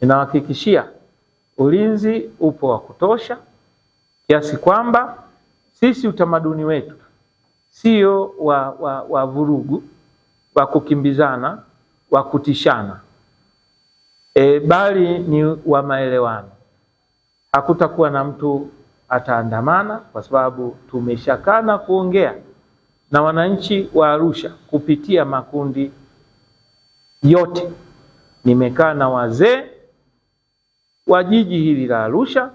ninahakikishia ulinzi upo wa kutosha, kiasi kwamba sisi utamaduni wetu sio wa, wa, wa vurugu wa kukimbizana wa kutishana e, bali ni wa maelewano. Hakutakuwa na mtu ataandamana, kwa sababu tumeshakana kuongea na wananchi wa Arusha kupitia makundi yote. Nimekaa na wazee wa jiji hili la Arusha.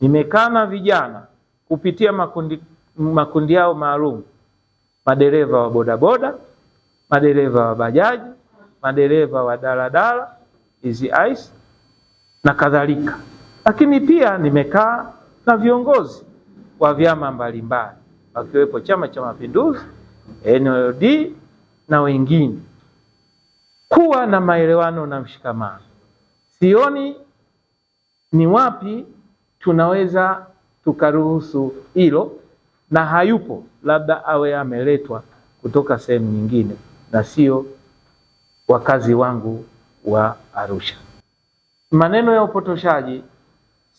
Nimekaa na vijana kupitia makundi, makundi yao maalum, madereva wa bodaboda, madereva wa bajaji, madereva wa daladala hizi ice na kadhalika, lakini pia nimekaa na viongozi wa vyama mbalimbali wakiwepo Chama cha Mapinduzi, NLD na wengine, kuwa na maelewano na mshikamano. Sioni ni wapi tunaweza tukaruhusu hilo, na hayupo, labda awe ameletwa kutoka sehemu nyingine na sio wakazi wangu wa Arusha. Maneno ya upotoshaji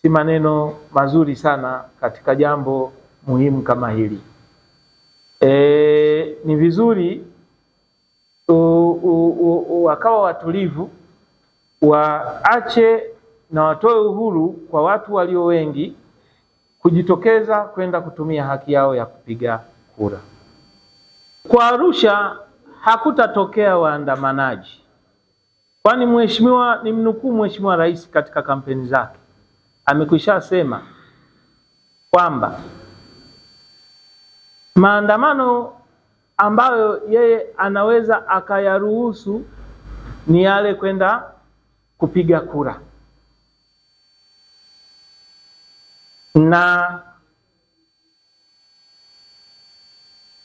si maneno mazuri sana katika jambo muhimu kama hili. E, ni vizuri wakawa watulivu waache na watoe uhuru kwa watu walio wengi kujitokeza kwenda kutumia haki yao ya kupiga kura. Kwa Arusha hakutatokea waandamanaji, kwani mheshimiwa, ni mnukuu Mheshimiwa Rais katika kampeni zake amekwisha sema kwamba maandamano ambayo yeye anaweza akayaruhusu ni yale kwenda kupiga kura. na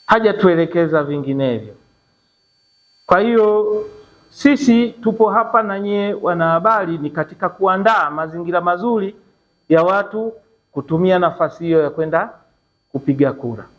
hajatuelekeza vinginevyo. Kwa hiyo sisi tupo hapa na nyie wanahabari, ni katika kuandaa mazingira mazuri ya watu kutumia nafasi hiyo ya kwenda kupiga kura.